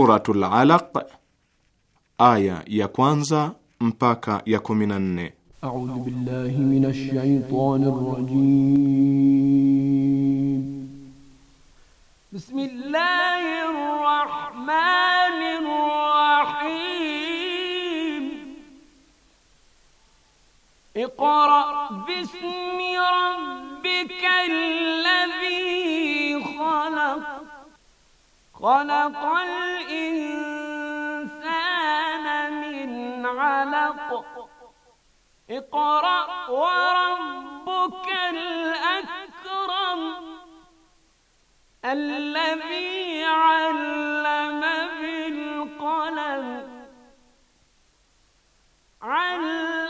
Suratul Alaq aya ya kwanza mpaka ya 14. A'udhu billahi minash shaitanir rajim. Bismillahir rahmanir rahim. Iqra bismi rabbikal ladhi khalaq. خلق الإنسان من علق اقرأ وربك الأكرم الذي علم بالقلم علم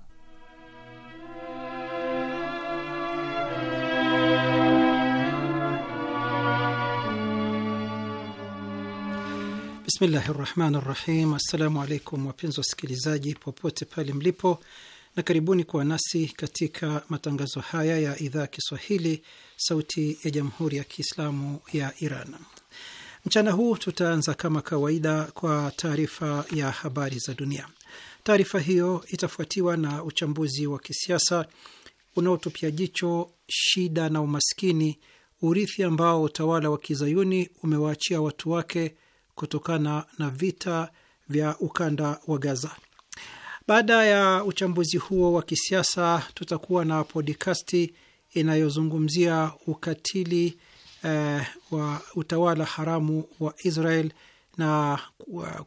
Bismillahi rahmani rahim. Assalamu alaikum wapenzi wasikilizaji popote pale mlipo, na karibuni kuwa nasi katika matangazo haya ya idhaa ya Kiswahili sauti ya jamhuri ya Kiislamu ya Iran. Mchana huu tutaanza kama kawaida kwa taarifa ya habari za dunia. Taarifa hiyo itafuatiwa na uchambuzi wa kisiasa unaotupia jicho shida na umaskini, urithi ambao utawala wa kizayuni umewaachia watu wake kutokana na vita vya ukanda wa Gaza. Baada ya uchambuzi huo wa kisiasa, tutakuwa na podikasti inayozungumzia ukatili eh, wa utawala haramu wa Israel na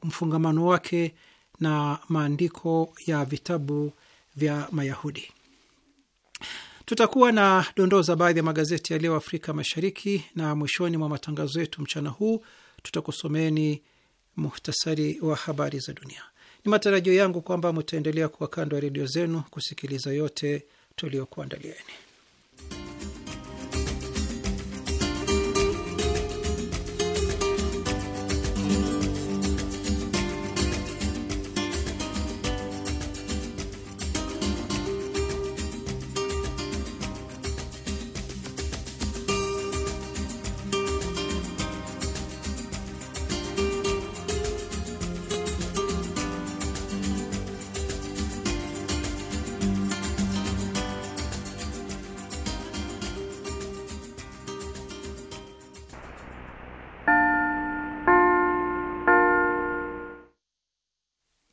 mfungamano wake na maandiko ya vitabu vya Mayahudi. Tutakuwa na dondoo za baadhi ya magazeti ya leo Afrika Mashariki, na mwishoni mwa matangazo yetu mchana huu tutakusomeni muhtasari wa habari za dunia. Ni matarajio yangu kwamba mutaendelea kuwa kando ya redio zenu kusikiliza yote tuliokuandalieni.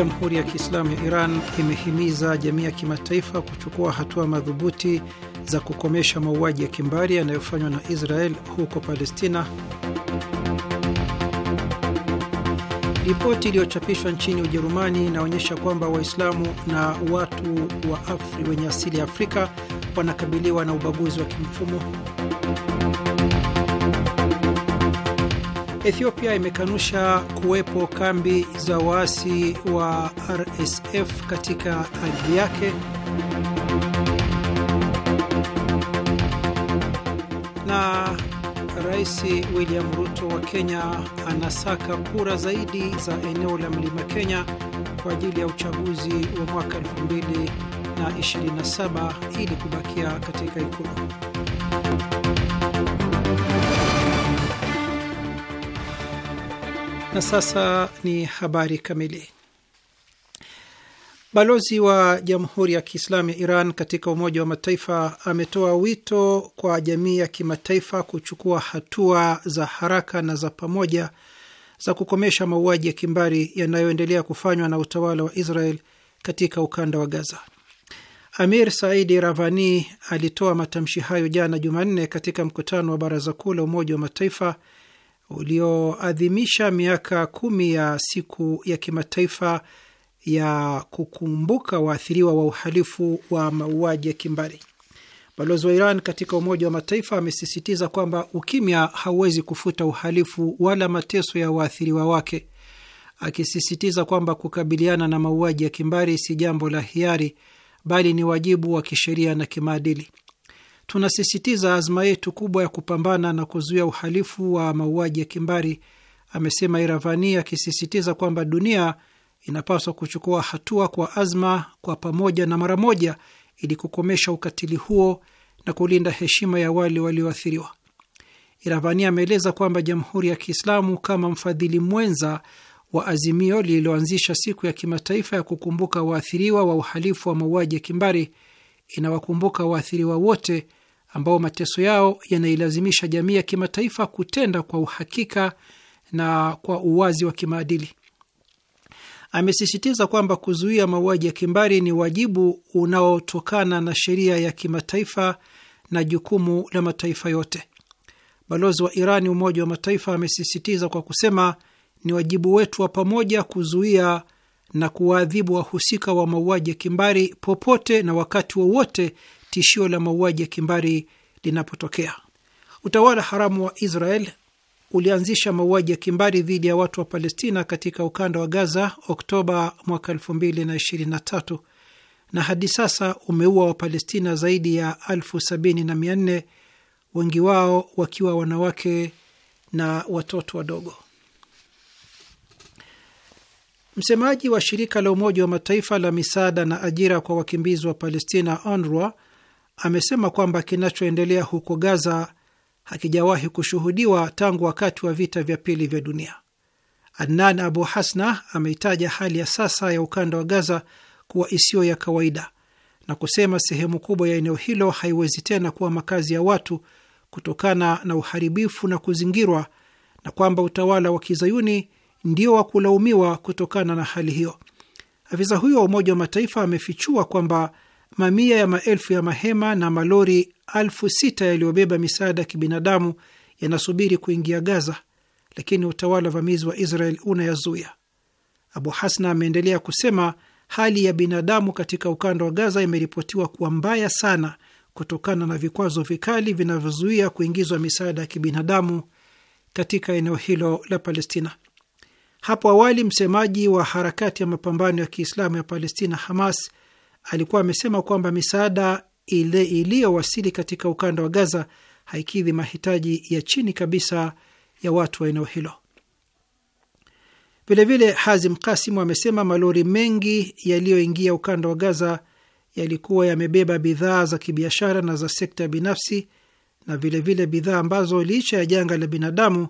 Jamhuri ya Kiislamu ya Iran imehimiza jamii ya kimataifa kuchukua hatua madhubuti za kukomesha mauaji ya kimbari yanayofanywa na Israel huko Palestina. Ripoti iliyochapishwa nchini Ujerumani inaonyesha kwamba Waislamu na watu wa Afri wenye asili ya Afrika wanakabiliwa na ubaguzi wa kimfumo. Ethiopia imekanusha kuwepo kambi za waasi wa RSF katika ardhi yake. Na Rais William Ruto wa Kenya anasaka kura zaidi za eneo la Mlima Kenya kwa ajili ya uchaguzi wa mwaka 2027 ili kubakia katika ikulu. Na sasa ni habari kamili. Balozi wa Jamhuri ya Kiislamu ya Iran katika Umoja wa Mataifa ametoa wito kwa jamii ya kimataifa kuchukua hatua za haraka na za pamoja za kukomesha mauaji ya kimbari yanayoendelea kufanywa na utawala wa Israel katika ukanda wa Gaza. Amir Saidi Ravani alitoa matamshi hayo jana Jumanne katika mkutano wa Baraza Kuu la Umoja wa Mataifa ulioadhimisha miaka kumi ya siku ya kimataifa ya kukumbuka waathiriwa wa uhalifu wa mauaji ya kimbari. Balozi wa Iran katika Umoja wa Mataifa amesisitiza kwamba ukimya hauwezi kufuta uhalifu wala mateso ya waathiriwa wake, akisisitiza kwamba kukabiliana na mauaji ya kimbari si jambo la hiari, bali ni wajibu wa kisheria na kimaadili tunasisitiza azma yetu kubwa ya kupambana na kuzuia uhalifu wa mauaji ya kimbari, amesema Iravani, akisisitiza kwamba dunia inapaswa kuchukua hatua kwa azma, kwa pamoja na mara moja, ili kukomesha ukatili huo na kulinda heshima ya wale walioathiriwa. Iravani ameeleza kwamba Jamhuri ya Kiislamu kama mfadhili mwenza wa azimio lililoanzisha siku ya kimataifa ya kukumbuka waathiriwa wa uhalifu wa mauaji ya kimbari inawakumbuka waathiriwa wote ambao mateso yao yanailazimisha jamii ya kimataifa kutenda kwa uhakika na kwa uwazi wa kimaadili. Amesisitiza kwamba kuzuia mauaji ya kimbari ni wajibu unaotokana na sheria ya kimataifa na jukumu la mataifa yote. Balozi wa Irani Umoja wa Mataifa amesisitiza kwa kusema, ni wajibu wetu wa pamoja kuzuia na kuwaadhibu wahusika wa mauaji ya kimbari popote na wakati wowote wa tishio la mauaji ya kimbari linapotokea. Utawala haramu wa Israel ulianzisha mauaji ya kimbari dhidi ya watu wa Palestina katika ukanda wa Gaza Oktoba mwaka 2023 na hadi sasa umeua Wapalestina zaidi ya elfu sabini na mia nne, wengi wao wakiwa wanawake na watoto wadogo. Msemaji wa shirika la Umoja wa Mataifa la misaada na ajira kwa wakimbizi wa Palestina, UNRWA, amesema kwamba kinachoendelea huko Gaza hakijawahi kushuhudiwa tangu wakati wa vita vya pili vya dunia. Adnan Abu Hasna ameitaja hali ya sasa ya ukanda wa Gaza kuwa isiyo ya kawaida na kusema sehemu kubwa ya eneo hilo haiwezi tena kuwa makazi ya watu kutokana na uharibifu na kuzingirwa, na kwamba utawala wa kizayuni ndio wa kulaumiwa kutokana na hali hiyo. Afisa huyo wa Umoja wa Mataifa amefichua kwamba mamia ya maelfu ya mahema na malori elfu sita yaliyobeba misaada ya kibinadamu yanasubiri kuingia Gaza, lakini utawala wa vamizi wa Israel unayazuia. Abu Hasna ameendelea kusema hali ya binadamu katika ukanda wa Gaza imeripotiwa kuwa mbaya sana kutokana na vikwazo vikali vinavyozuia kuingizwa misaada ya kibinadamu katika eneo hilo la Palestina. Hapo awali msemaji wa harakati ya mapambano ya Kiislamu ya Palestina, Hamas, alikuwa amesema kwamba misaada ile iliyowasili katika ukanda wa Gaza haikidhi mahitaji ya chini kabisa ya watu wa eneo hilo. Vilevile, Hazim Kasimu amesema malori mengi yaliyoingia ukanda wa Gaza yalikuwa yamebeba bidhaa za kibiashara na za sekta binafsi na vilevile bidhaa ambazo licha ya janga la binadamu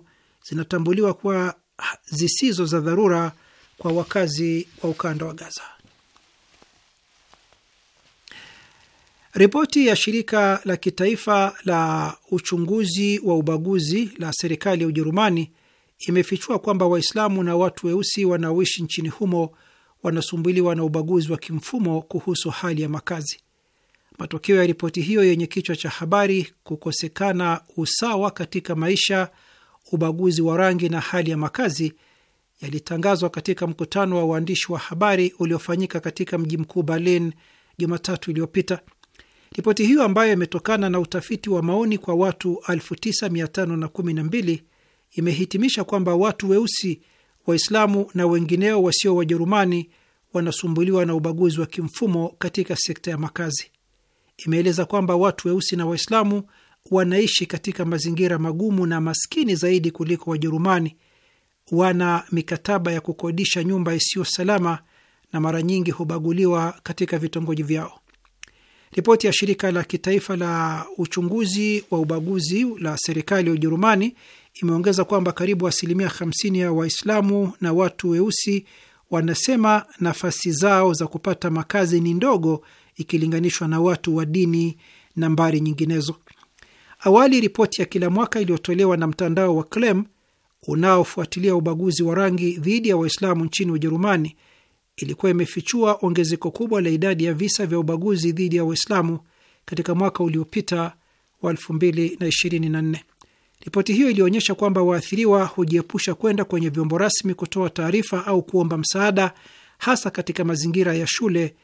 zinatambuliwa kuwa zisizo za dharura kwa wakazi wa ukanda wa Gaza. Ripoti ya shirika la kitaifa la uchunguzi wa ubaguzi la serikali ya Ujerumani imefichua kwamba Waislamu na watu weusi wanaoishi nchini humo wanasumbuliwa na ubaguzi wa kimfumo kuhusu hali ya makazi. Matokeo ya ripoti hiyo yenye kichwa cha habari kukosekana usawa katika maisha, ubaguzi wa rangi na hali ya makazi yalitangazwa katika mkutano wa waandishi wa habari uliofanyika katika mji mkuu Berlin Jumatatu iliyopita. Ripoti hiyo ambayo imetokana na utafiti wa maoni kwa watu 9512 imehitimisha kwamba watu weusi, Waislamu na wengineo wasio Wajerumani wanasumbuliwa na ubaguzi wa kimfumo katika sekta ya makazi. Imeeleza kwamba watu weusi na Waislamu wanaishi katika mazingira magumu na maskini zaidi kuliko Wajerumani, wana mikataba ya kukodisha nyumba isiyo salama na mara nyingi hubaguliwa katika vitongoji vyao. Ripoti ya shirika la kitaifa la uchunguzi wa ubaguzi la serikali ya Ujerumani imeongeza kwamba karibu asilimia 50 ya Waislamu na watu weusi wanasema nafasi zao za kupata makazi ni ndogo ikilinganishwa na watu wa dini na mbari nyinginezo. Awali, ripoti ya kila mwaka iliyotolewa na mtandao wa Clem unaofuatilia ubaguzi wa rangi dhidi ya Waislamu nchini Ujerumani ilikuwa imefichua ongezeko kubwa la idadi ya visa vya ubaguzi dhidi ya Waislamu katika mwaka uliopita wa 2024. Ripoti hiyo ilionyesha kwamba waathiriwa hujiepusha kwenda kwenye vyombo rasmi kutoa taarifa au kuomba msaada, hasa katika mazingira ya shule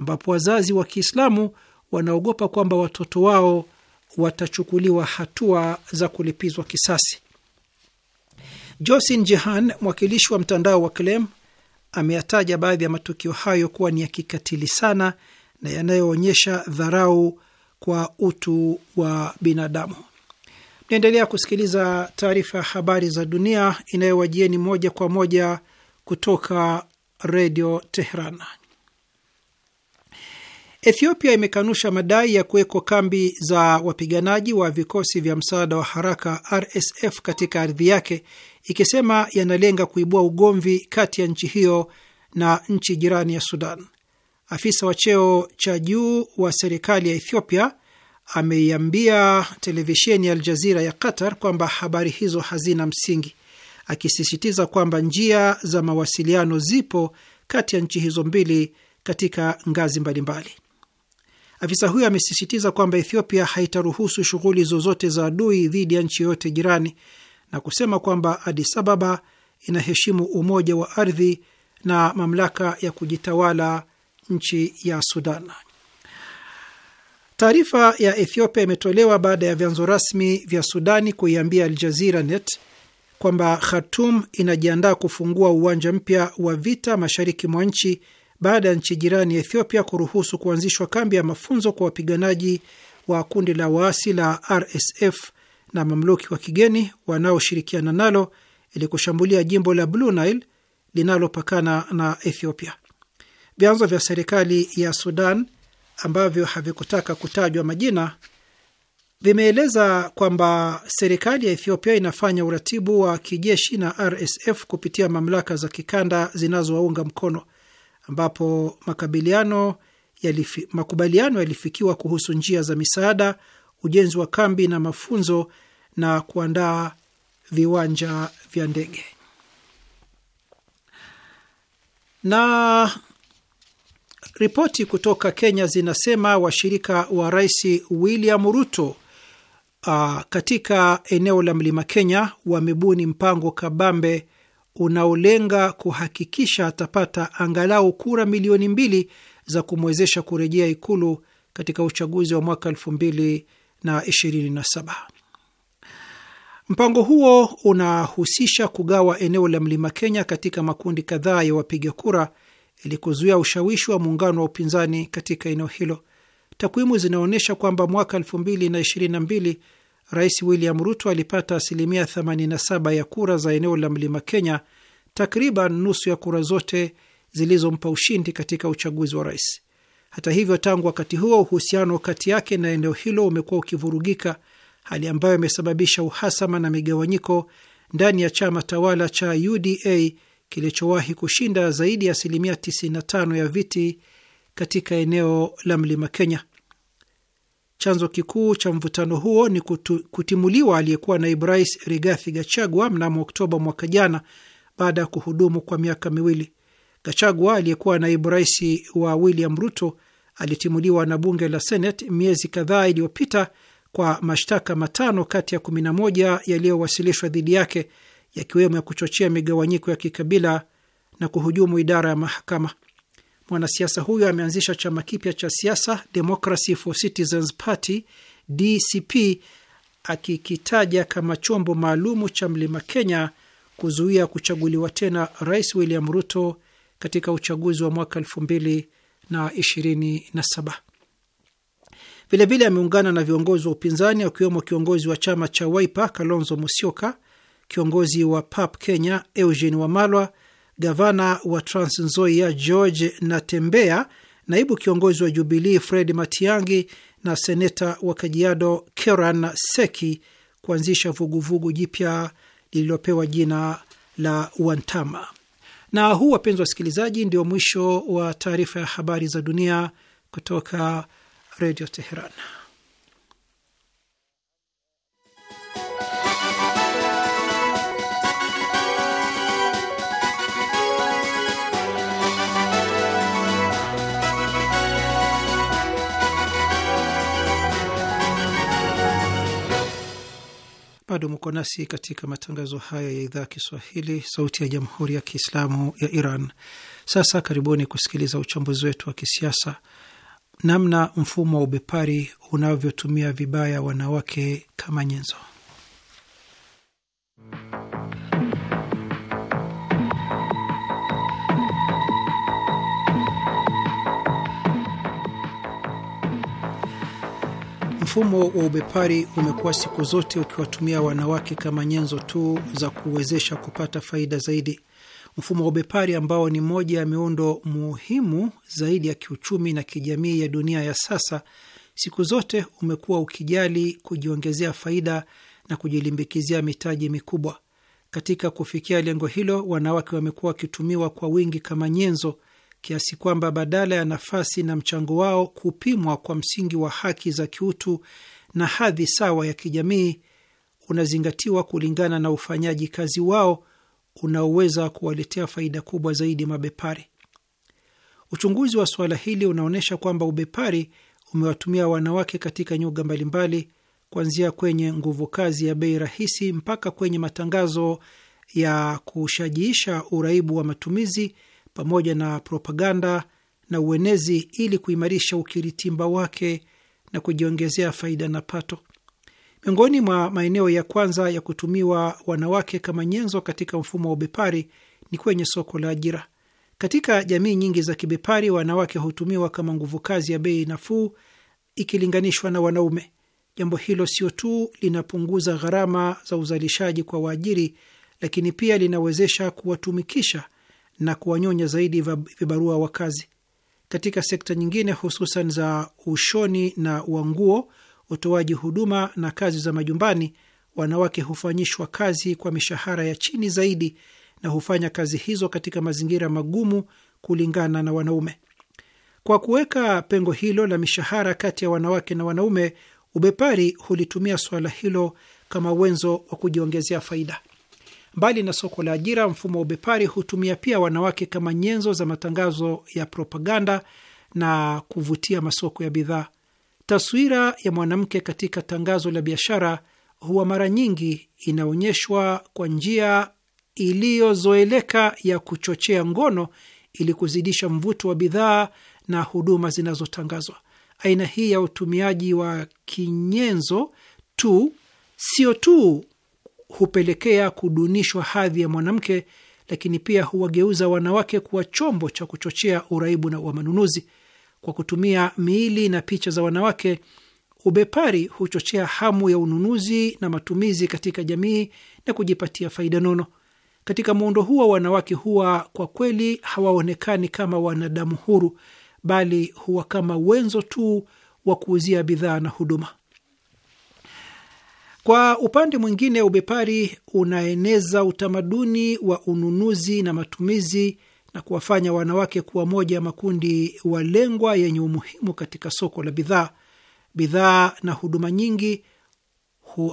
ambapo wazazi wa Kiislamu wanaogopa kwamba watoto wao watachukuliwa hatua za kulipizwa kisasi. Josin Jehan, mwakilishi wa mtandao wa Klem, ameyataja baadhi ya matukio hayo kuwa ni ya kikatili sana na yanayoonyesha dharau kwa utu wa binadamu. Mnaendelea kusikiliza taarifa ya habari za dunia inayowajieni moja kwa moja kutoka redio Tehran. Ethiopia imekanusha madai ya kuwekwa kambi za wapiganaji wa vikosi vya msaada wa haraka RSF katika ardhi yake ikisema yanalenga kuibua ugomvi kati ya nchi hiyo na nchi jirani ya Sudan. Afisa wa cheo cha juu wa serikali ya Ethiopia ameiambia televisheni ya Aljazira ya Qatar kwamba habari hizo hazina msingi, akisisitiza kwamba njia za mawasiliano zipo kati ya nchi hizo mbili katika ngazi mbalimbali. Afisa huyo amesisitiza kwamba Ethiopia haitaruhusu shughuli zozote za adui dhidi ya nchi yoyote jirani na kusema kwamba adisababa Ababa inaheshimu umoja wa ardhi na mamlaka ya kujitawala nchi ya Sudan. Taarifa ya Ethiopia imetolewa baada ya vyanzo rasmi vya Sudani kuiambia Aljazira Net kwamba Khartum inajiandaa kufungua uwanja mpya wa vita mashariki mwa nchi baada ya nchi jirani ya Ethiopia kuruhusu kuanzishwa kambi ya mafunzo kwa wapiganaji wa kundi la waasi la RSF na mamluki wa kigeni wanaoshirikiana nalo ili kushambulia jimbo la Blue Nile linalopakana na Ethiopia. Vyanzo vya serikali ya Sudan ambavyo havikutaka kutajwa majina vimeeleza kwamba serikali ya Ethiopia inafanya uratibu wa kijeshi na RSF kupitia mamlaka za kikanda zinazowaunga mkono, ambapo makabiliano yalifi, makubaliano yalifikiwa kuhusu njia za misaada, ujenzi wa kambi na mafunzo na kuandaa viwanja vya ndege. Na ripoti kutoka Kenya zinasema washirika wa Rais William Ruto Uh, katika eneo la Mlima Kenya wamebuni mpango kabambe unaolenga kuhakikisha atapata angalau kura milioni mbili za kumwezesha kurejea ikulu katika uchaguzi wa mwaka elfu mbili na ishirini na saba. Mpango huo unahusisha kugawa eneo la mlima Kenya katika makundi kadhaa ya wapiga kura ili kuzuia ushawishi wa muungano wa upinzani katika eneo hilo. Takwimu zinaonyesha kwamba mwaka 2022 Rais William Ruto alipata asilimia 87 ya kura za eneo la mlima Kenya, takriban nusu ya kura zote zilizompa ushindi katika uchaguzi wa rais. Hata hivyo, tangu wakati huo uhusiano kati yake na eneo hilo umekuwa ukivurugika hali ambayo imesababisha uhasama na migawanyiko ndani ya chama tawala cha UDA kilichowahi kushinda zaidi ya asilimia 95 ya viti katika eneo la mlima Kenya. Chanzo kikuu cha mvutano huo ni kutu, kutimuliwa aliyekuwa naibu rais Rigathi Gachagua mnamo Oktoba mwaka jana baada ya kuhudumu kwa miaka miwili. Gachagua aliyekuwa naibu rais wa William Ruto alitimuliwa na bunge la Senate miezi kadhaa iliyopita kwa mashtaka matano kati ya 11 yaliyowasilishwa dhidi yake yakiwemo ya kuchochea migawanyiko ya kikabila na kuhujumu idara ya mahakama. Mwanasiasa huyo ameanzisha chama kipya cha siasa Democracy for Citizens Party DCP, akikitaja kama chombo maalumu cha Mlima Kenya kuzuia kuchaguliwa tena Rais William Ruto katika uchaguzi wa mwaka 2027. Vilevile ameungana na viongozi wa upinzani akiwemo kiongozi wa chama cha Wiper Kalonzo Musyoka, kiongozi wa PAP Kenya Eugene Wamalwa, gavana wa Trans Nzoia George Natembea, naibu kiongozi wa Jubilii Fred Matiangi na seneta wa Kajiado Keran Seki kuanzisha vuguvugu jipya lililopewa jina la Wantama. Na huu, wapenzi wasikilizaji, ndio mwisho wa taarifa ya habari za dunia kutoka Redio Teheran. Bado mko nasi katika matangazo haya ya idhaa ya Kiswahili, sauti ya jamhuri ya kiislamu ya Iran. Sasa karibuni kusikiliza uchambuzi wetu wa kisiasa namna mfumo wa ubepari unavyotumia vibaya wanawake kama nyenzo. Mfumo wa ubepari umekuwa siku zote ukiwatumia wanawake kama nyenzo tu za kuwezesha kupata faida zaidi. Mfumo wa ubepari ambao ni moja ya miundo muhimu zaidi ya kiuchumi na kijamii ya dunia ya sasa, siku zote umekuwa ukijali kujiongezea faida na kujilimbikizia mitaji mikubwa. Katika kufikia lengo hilo, wanawake wamekuwa wakitumiwa kwa wingi kama nyenzo, kiasi kwamba badala ya nafasi na mchango wao kupimwa kwa msingi wa haki za kiutu na hadhi sawa ya kijamii, unazingatiwa kulingana na ufanyaji kazi wao unaoweza kuwaletea faida kubwa zaidi mabepari. Uchunguzi wa suala hili unaonyesha kwamba ubepari umewatumia wanawake katika nyuga mbalimbali, kuanzia kwenye nguvu kazi ya bei rahisi mpaka kwenye matangazo ya kushajiisha uraibu wa matumizi pamoja na propaganda na uenezi ili kuimarisha ukiritimba wake na kujiongezea faida na pato. Miongoni mwa maeneo ya kwanza ya kutumiwa wanawake kama nyenzo katika mfumo wa ubepari ni kwenye soko la ajira. Katika jamii nyingi za kibepari, wanawake hutumiwa kama nguvu kazi ya bei nafuu ikilinganishwa na wanaume. Jambo hilo sio tu linapunguza gharama za uzalishaji kwa waajiri, lakini pia linawezesha kuwatumikisha na kuwanyonya zaidi vibarua wa kazi. Katika sekta nyingine, hususan za ushoni na wa nguo, utoaji huduma na kazi za majumbani, wanawake hufanyishwa kazi kwa mishahara ya chini zaidi na hufanya kazi hizo katika mazingira magumu kulingana na wanaume. Kwa kuweka pengo hilo la mishahara kati ya wanawake na wanaume, ubepari hulitumia suala hilo kama wenzo wa kujiongezea faida. Mbali na soko la ajira, mfumo wa ubepari hutumia pia wanawake kama nyenzo za matangazo ya propaganda na kuvutia masoko ya bidhaa. Taswira ya mwanamke katika tangazo la biashara huwa mara nyingi inaonyeshwa kwa njia iliyozoeleka ya kuchochea ngono ili kuzidisha mvuto wa bidhaa na huduma zinazotangazwa. Aina hii ya utumiaji wa kinyenzo tu sio tu hupelekea kudunishwa hadhi ya mwanamke, lakini pia huwageuza wanawake kuwa chombo cha kuchochea uraibu na wa manunuzi. Kwa kutumia miili na picha za wanawake, ubepari huchochea hamu ya ununuzi na matumizi katika jamii na kujipatia faida nono. Katika muundo huo, wanawake huwa kwa kweli hawaonekani kama wanadamu huru, bali huwa kama wenzo tu wa kuuzia bidhaa na huduma. Kwa upande mwingine, ubepari unaeneza utamaduni wa ununuzi na matumizi na kuwafanya wanawake kuwa moja ya makundi walengwa yenye umuhimu katika soko la bidhaa. Bidhaa na huduma nyingi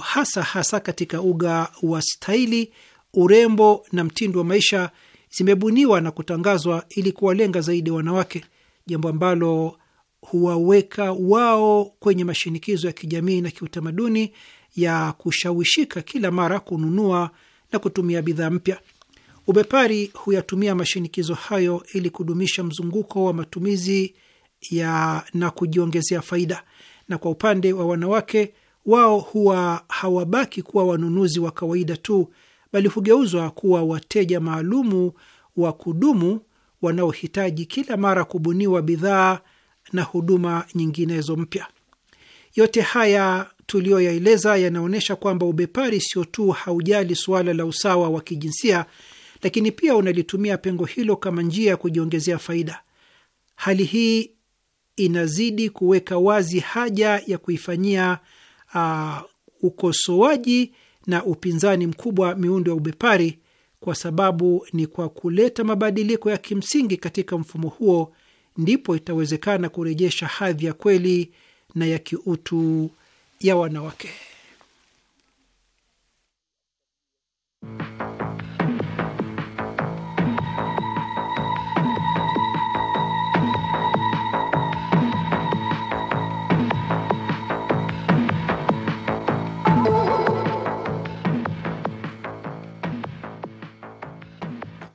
hasa hasa katika uga wa staili, urembo na mtindo wa maisha zimebuniwa na kutangazwa ili kuwalenga zaidi wanawake, jambo ambalo huwaweka wao kwenye mashinikizo ya kijamii na kiutamaduni ya kushawishika kila mara kununua na kutumia bidhaa mpya. Ubepari huyatumia mashinikizo hayo ili kudumisha mzunguko wa matumizi ya na kujiongezea faida. Na kwa upande wa wanawake, wao huwa hawabaki kuwa wanunuzi wa kawaida tu, bali hugeuzwa kuwa wateja maalumu wa kudumu wanaohitaji kila mara kubuniwa bidhaa na huduma nyinginezo mpya. Yote haya tuliyoyaeleza yanaonyesha kwamba ubepari sio tu haujali suala la usawa wa kijinsia lakini pia unalitumia pengo hilo kama njia ya kujiongezea faida. Hali hii inazidi kuweka wazi haja ya kuifanyia uh, ukosoaji na upinzani mkubwa miundo ya ubepari, kwa sababu ni kwa kuleta mabadiliko ya kimsingi katika mfumo huo ndipo itawezekana kurejesha hadhi ya kweli na ya kiutu ya wanawake.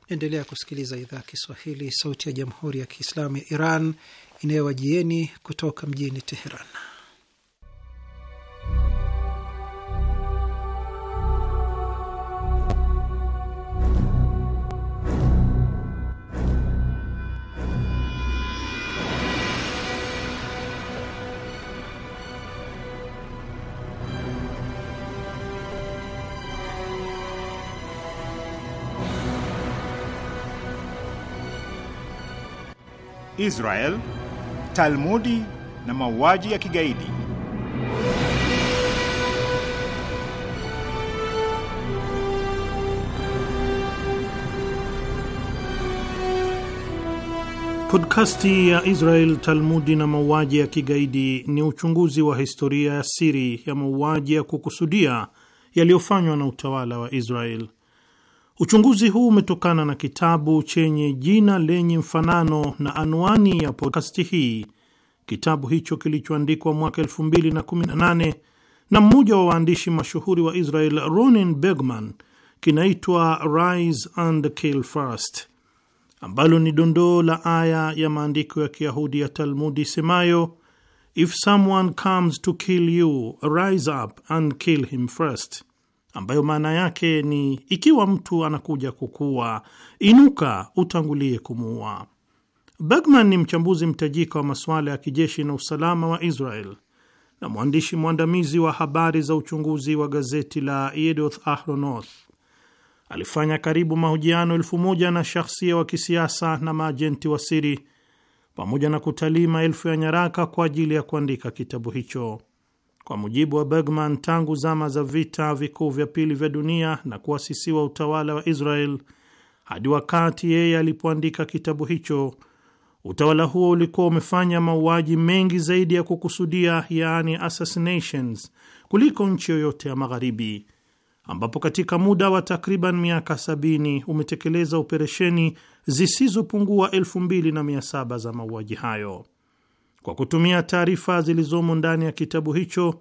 Endelea kusikiliza idhaa Kiswahili, sauti ya jamhuri ya kiislamu ya Iran inayowajieni kutoka mjini Teheran. Israel, Talmudi na mauaji ya kigaidi. Podkasti ya Israel Talmudi na mauaji ya kigaidi ni uchunguzi wa historia ya siri ya mauaji ya kukusudia yaliyofanywa na utawala wa Israel Uchunguzi huu umetokana na kitabu chenye jina lenye mfanano na anwani ya podkasti hii. Kitabu hicho kilichoandikwa mwaka 2018 na mmoja wa waandishi mashuhuri wa Israel ronin Bergman kinaitwa Rise and Kill First, ambalo ni dondoo la aya ya maandiko ya Kiyahudi ya Talmudi isemayo if someone comes to kill you rise up and kill him first ambayo maana yake ni ikiwa mtu anakuja kukua inuka utangulie kumuua. Bergman ni mchambuzi mtajika wa masuala ya kijeshi na usalama wa Israel na mwandishi mwandamizi wa habari za uchunguzi wa gazeti la Yedoth Ahronoth. Alifanya karibu mahojiano elfu moja na shahsia wa kisiasa na maajenti wa siri pamoja na kutalii maelfu ya nyaraka kwa ajili ya kuandika kitabu hicho. Kwa mujibu wa Bergman, tangu zama za vita vikuu vya pili vya dunia na kuasisiwa utawala wa Israel hadi wakati yeye alipoandika kitabu hicho, utawala huo ulikuwa umefanya mauaji mengi zaidi ya kukusudia, yaani assassinations, kuliko nchi yoyote ya Magharibi, ambapo katika muda wa takriban miaka sabini umetekeleza operesheni zisizopungua elfu mbili na mia saba za mauaji hayo kwa kutumia taarifa zilizomo ndani ya kitabu hicho.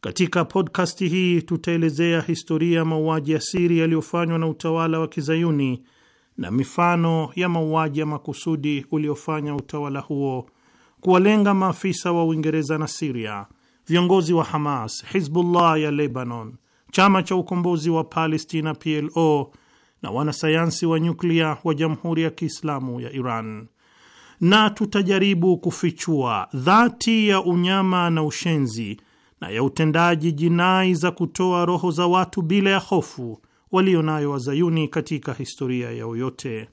Katika podkasti hii tutaelezea historia ya mauaji ya siri yaliyofanywa na utawala wa kizayuni na mifano ya mauaji ya makusudi uliofanya utawala huo kuwalenga maafisa wa Uingereza na Siria, viongozi wa Hamas, Hizbullah ya Lebanon, chama cha ukombozi wa Palestina PLO na wanasayansi wa nyuklia wa Jamhuri ya Kiislamu ya Iran na tutajaribu kufichua dhati ya unyama na ushenzi na ya utendaji jinai za kutoa roho za watu bila ya hofu walio nayo wazayuni katika historia yao yote.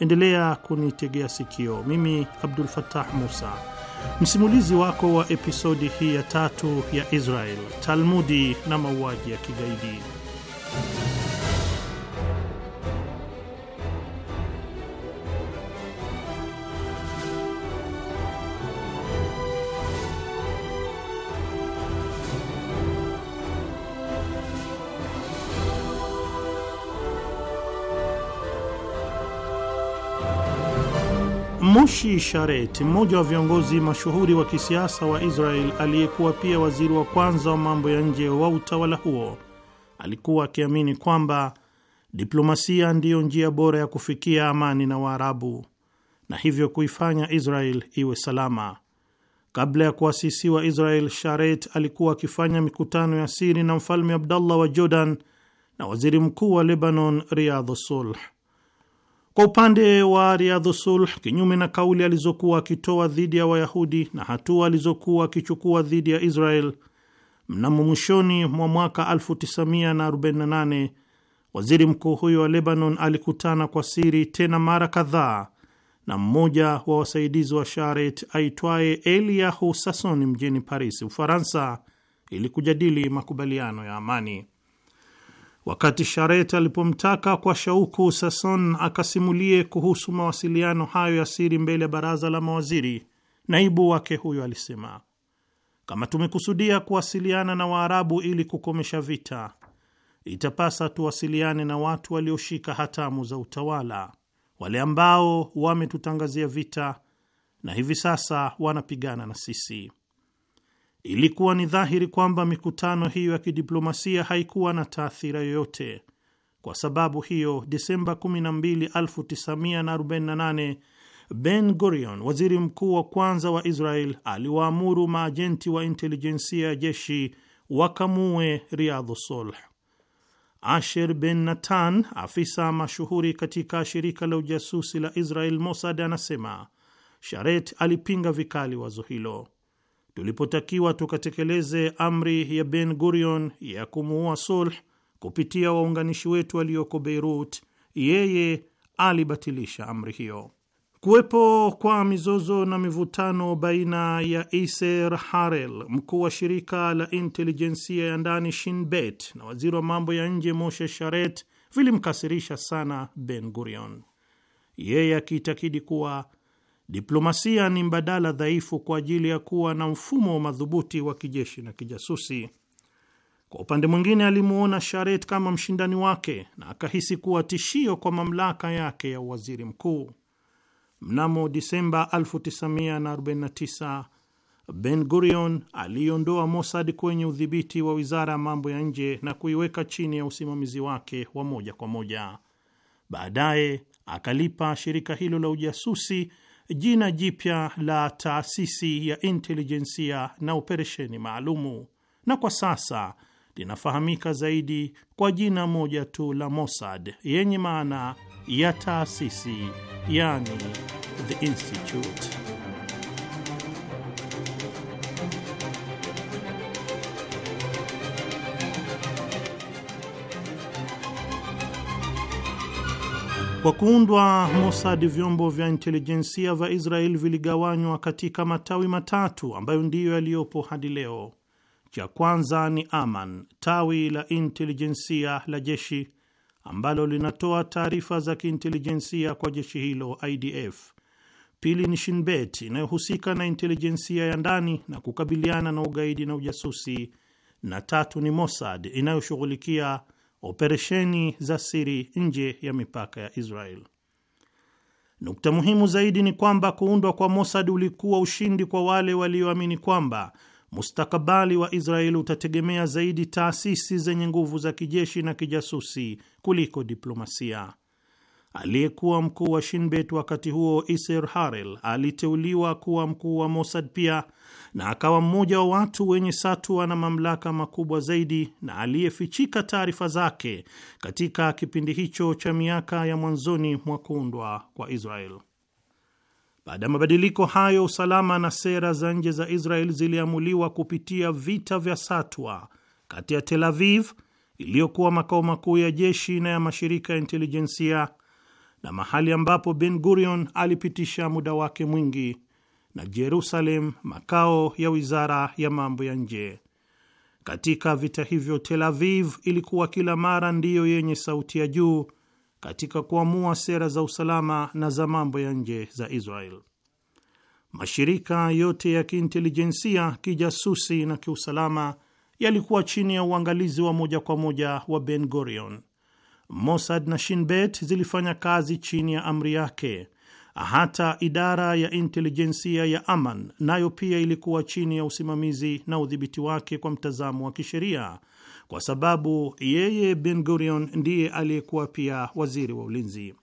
Endelea kunitegea sikio, mimi Abdul fatah Musa, msimulizi wako wa episodi hii ya tatu ya Israel, Talmudi na mauaji ya kigaidi. Mushi Sharet, mmoja wa viongozi mashuhuri wa kisiasa wa Israel aliyekuwa pia waziri wa kwanza wa mambo ya nje wa utawala huo, alikuwa akiamini kwamba diplomasia ndiyo njia bora ya kufikia amani na Waarabu na hivyo kuifanya Israel iwe salama. Kabla ya kuasisiwa Israel, Sharet alikuwa akifanya mikutano ya siri na mfalme Abdallah wa Jordan na waziri mkuu wa Lebanon Riyadh Sulh. Kwa upande wa riadhu Sulh, kinyume na kauli alizokuwa akitoa dhidi ya Wayahudi na hatua alizokuwa akichukua dhidi ya Israel, mnamo mwishoni mwa mwaka 1948 waziri mkuu huyo wa Lebanon alikutana kwa siri tena mara kadhaa na mmoja wa wasaidizi wa Sharet aitwaye Eliyahu Sasoni mjini Paris, Ufaransa, ili kujadili makubaliano ya amani. Wakati Sharet alipomtaka kwa shauku Sason akasimulie kuhusu mawasiliano hayo ya siri mbele ya baraza la mawaziri, naibu wake huyo alisema, kama tumekusudia kuwasiliana na Waarabu ili kukomesha vita, itapasa tuwasiliane na watu walioshika hatamu za utawala, wale ambao wametutangazia vita na hivi sasa wanapigana na sisi. Ilikuwa ni dhahiri kwamba mikutano hiyo ya kidiplomasia haikuwa na taathira yoyote. Kwa sababu hiyo, Desemba 12, 1948 Ben Gurion, waziri mkuu wa kwanza wa Israel, aliwaamuru maajenti wa intelijensia ya jeshi wakamue Riadhu Solh. Asher Ben Natan, afisa mashuhuri katika shirika la ujasusi la Israel Mossad, anasema Sharet alipinga vikali wazo hilo tulipotakiwa tukatekeleze amri ya Ben Gurion ya kumuua Sulh kupitia waunganishi wetu walioko Beirut, yeye alibatilisha amri hiyo. Kuwepo kwa mizozo na mivutano baina ya Iser Harel, mkuu wa shirika la intelijensia ya ndani shinbet na waziri wa mambo ya nje Moshe Sharet vilimkasirisha sana Ben Gurion, yeye akiitakidi kuwa Diplomasia ni mbadala dhaifu kwa ajili ya kuwa na mfumo wa madhubuti wa kijeshi na kijasusi. Kwa upande mwingine, alimuona Sharet kama mshindani wake na akahisi kuwa tishio kwa mamlaka yake ya uwaziri mkuu. Mnamo Disemba 1949 Ben Gurion aliondoa Mossad kwenye udhibiti wa wizara ya mambo ya nje na kuiweka chini ya usimamizi wake wa moja kwa moja. Baadaye akalipa shirika hilo la ujasusi jina jipya la taasisi ya intelijensia na operesheni maalumu, na kwa sasa linafahamika zaidi kwa jina moja tu la Mossad yenye maana ya taasisi, yani the institute. Kwa kuundwa Mosadi, vyombo vya intelijensia vya Israel viligawanywa katika matawi matatu ambayo ndiyo yaliyopo hadi leo. Cha kwanza ni Aman, tawi la intelijensia la jeshi ambalo linatoa taarifa za kiintelijensia kwa jeshi hilo IDF. Pili ni Shinbet inayohusika na intelijensia ya ndani na kukabiliana na ugaidi na ujasusi, na tatu ni Mossad inayoshughulikia operesheni za siri nje ya mipaka ya Israel. Nukta muhimu zaidi ni kwamba kuundwa kwa Mossad ulikuwa ushindi kwa wale walioamini kwamba mustakabali wa Israeli utategemea zaidi taasisi zenye nguvu za kijeshi na kijasusi kuliko diplomasia. Aliyekuwa mkuu wa Shinbet wakati huo, Iser Harel, aliteuliwa kuwa mkuu wa Mossad pia na akawa mmoja wa watu wenye satwa na mamlaka makubwa zaidi na aliyefichika taarifa zake katika kipindi hicho cha miaka ya mwanzoni mwa kuundwa kwa Israel. Baada ya mabadiliko hayo, usalama na sera za nje za Israel ziliamuliwa kupitia vita vya satwa kati ya Tel Aviv iliyokuwa makao makuu ya jeshi na ya mashirika ya intelijensia na mahali ambapo Ben Gurion alipitisha muda wake mwingi na Jerusalem makao ya wizara ya mambo ya nje. Katika vita hivyo, Tel Aviv ilikuwa kila mara ndiyo yenye sauti ya juu katika kuamua sera za usalama na za mambo ya nje za Israel. Mashirika yote ya kiintelijensia, kijasusi na kiusalama yalikuwa chini ya uangalizi wa moja kwa moja wa Ben Gurion. Mossad na Shin Bet zilifanya kazi chini ya amri yake hata idara ya intelijensia ya Aman nayo pia ilikuwa chini ya usimamizi na udhibiti wake kwa mtazamo wa kisheria, kwa sababu yeye Ben Gurion ndiye aliyekuwa pia waziri wa ulinzi.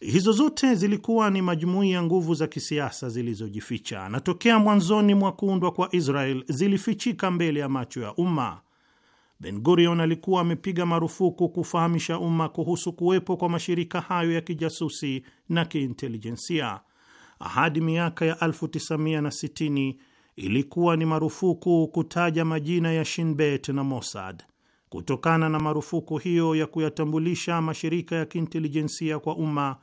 Hizo zote zilikuwa ni majumuiya ya nguvu za kisiasa zilizojificha, na tokea mwanzoni mwa kuundwa kwa Israel zilifichika mbele ya macho ya umma Ben Gurion alikuwa amepiga marufuku kufahamisha umma kuhusu kuwepo kwa mashirika hayo ya kijasusi na kiintelijensia. Hadi miaka ya 1960 ilikuwa ni marufuku kutaja majina ya Shinbet na Mossad. Kutokana na marufuku hiyo ya kuyatambulisha mashirika ya kiintelijensia kwa umma,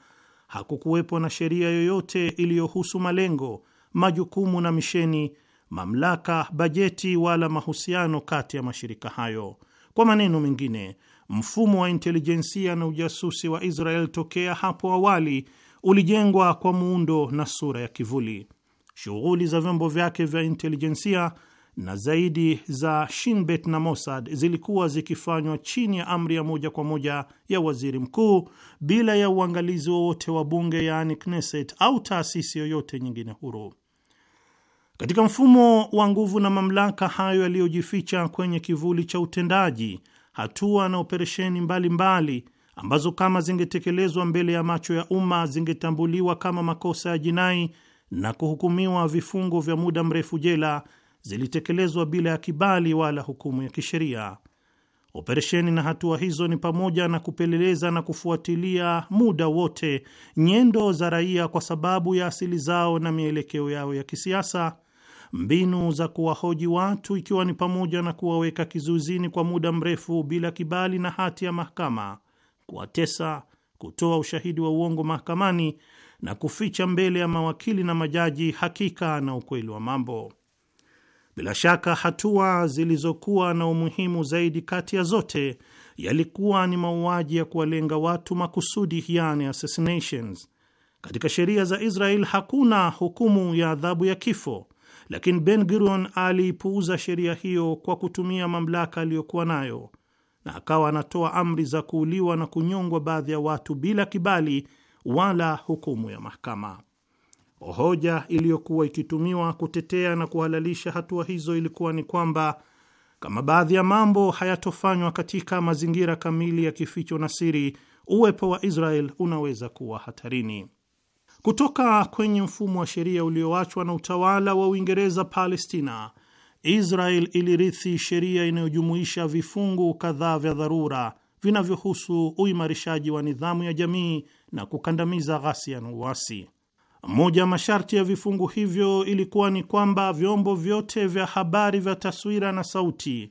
hakukuwepo na sheria yoyote iliyohusu malengo, majukumu na misheni mamlaka, bajeti wala mahusiano kati ya mashirika hayo. Kwa maneno mengine, mfumo wa intelijensia na ujasusi wa Israel tokea hapo awali ulijengwa kwa muundo na sura ya kivuli. Shughuli za vyombo vyake vya intelijensia na zaidi za Shinbet na Mossad zilikuwa zikifanywa chini ya amri ya moja kwa moja ya waziri mkuu bila ya uangalizi wowote wa bunge, yaani Knesset, au taasisi yoyote nyingine huru. Katika mfumo wa nguvu na mamlaka hayo yaliyojificha kwenye kivuli cha utendaji, hatua na operesheni mbalimbali ambazo kama zingetekelezwa mbele ya macho ya umma zingetambuliwa kama makosa ya jinai na kuhukumiwa vifungo vya muda mrefu jela, zilitekelezwa bila ya kibali wala hukumu ya kisheria. Operesheni na hatua hizo ni pamoja na kupeleleza na kufuatilia muda wote nyendo za raia kwa sababu ya asili zao na mielekeo yao ya kisiasa, mbinu za kuwahoji watu, ikiwa ni pamoja na kuwaweka kizuizini kwa muda mrefu bila kibali na hati ya mahakama, kuwatesa, kutoa ushahidi wa uongo mahakamani na kuficha mbele ya mawakili na majaji hakika na ukweli wa mambo. Bila shaka hatua zilizokuwa na umuhimu zaidi kati ya zote yalikuwa ni mauaji ya kuwalenga watu makusudi, yani assassinations. Katika sheria za Israel hakuna hukumu ya adhabu ya kifo, lakini Ben Gurion aliipuuza sheria hiyo kwa kutumia mamlaka aliyokuwa nayo, na akawa anatoa amri za kuuliwa na kunyongwa baadhi ya watu bila kibali wala hukumu ya mahakama. Hoja iliyokuwa ikitumiwa kutetea na kuhalalisha hatua hizo ilikuwa ni kwamba kama baadhi ya mambo hayatofanywa katika mazingira kamili ya kificho na siri, uwepo wa Israel unaweza kuwa hatarini. Kutoka kwenye mfumo wa sheria ulioachwa na utawala wa Uingereza Palestina, Israel ilirithi sheria inayojumuisha vifungu kadhaa vya dharura vinavyohusu uimarishaji wa nidhamu ya jamii na kukandamiza ghasia na uasi. Moja ya masharti ya vifungu hivyo ilikuwa ni kwamba vyombo vyote vya habari vya taswira na sauti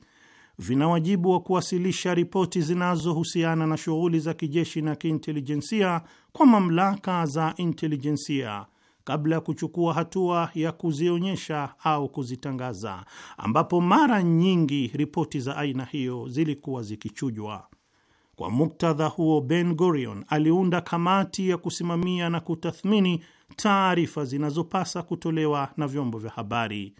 vina wajibu wa kuwasilisha ripoti zinazohusiana na shughuli za kijeshi na kiintelijensia kwa mamlaka za intelijensia kabla ya kuchukua hatua ya kuzionyesha au kuzitangaza, ambapo mara nyingi ripoti za aina hiyo zilikuwa zikichujwa. Kwa muktadha huo, Ben Gurion aliunda kamati ya kusimamia na kutathmini taarifa zinazopasa kutolewa na vyombo vya habari.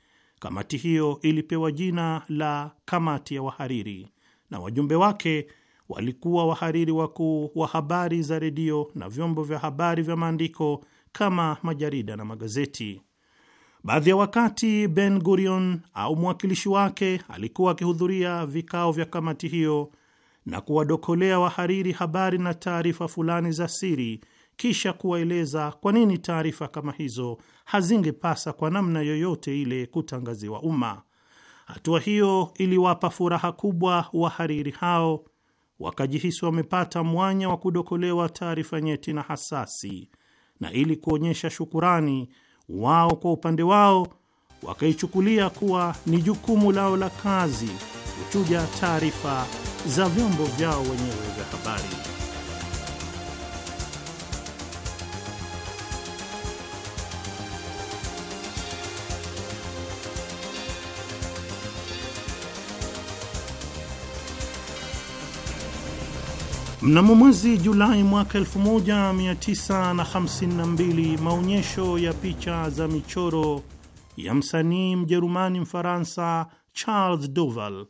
Kamati hiyo ilipewa jina la kamati ya wahariri, na wajumbe wake walikuwa wahariri wakuu wa habari za redio na vyombo vya habari vya maandiko kama majarida na magazeti. Baadhi ya wakati Ben Gurion au mwakilishi wake alikuwa akihudhuria vikao vya kamati hiyo na kuwadokolea wahariri habari na taarifa fulani za siri kisha kuwaeleza kwa nini taarifa kama hizo hazingepasa kwa namna yoyote ile kutangaziwa umma. Hatua hiyo iliwapa furaha kubwa wahariri hao, wakajihisi wamepata mwanya wa kudokolewa taarifa nyeti na hasasi, na ili kuonyesha shukurani wao, kwa upande wao wakaichukulia kuwa ni jukumu lao la kazi kuchuja taarifa za vyombo vyao wenyewe vya habari. Mnamo mwezi Julai mwaka 1952 maonyesho ya picha za michoro ya msanii Mjerumani Mfaransa Charles Duval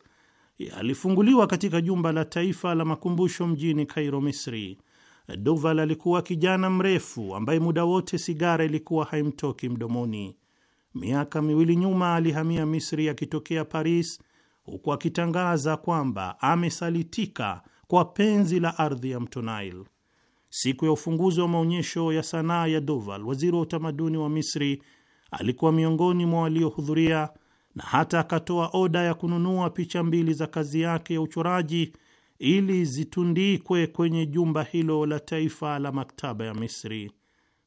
yalifunguliwa katika jumba la taifa la makumbusho mjini cairo Misri. Duval alikuwa kijana mrefu ambaye muda wote sigara ilikuwa haimtoki mdomoni. Miaka miwili nyuma alihamia Misri akitokea Paris, huku akitangaza kwamba amesalitika kwa penzi la ardhi ya mto Nile. Siku ya ufunguzi wa maonyesho ya sanaa ya Doval, waziri wa utamaduni wa Misri alikuwa miongoni mwa waliohudhuria na hata akatoa oda ya kununua picha mbili za kazi yake ya uchoraji ili zitundikwe kwenye jumba hilo la taifa la maktaba ya Misri.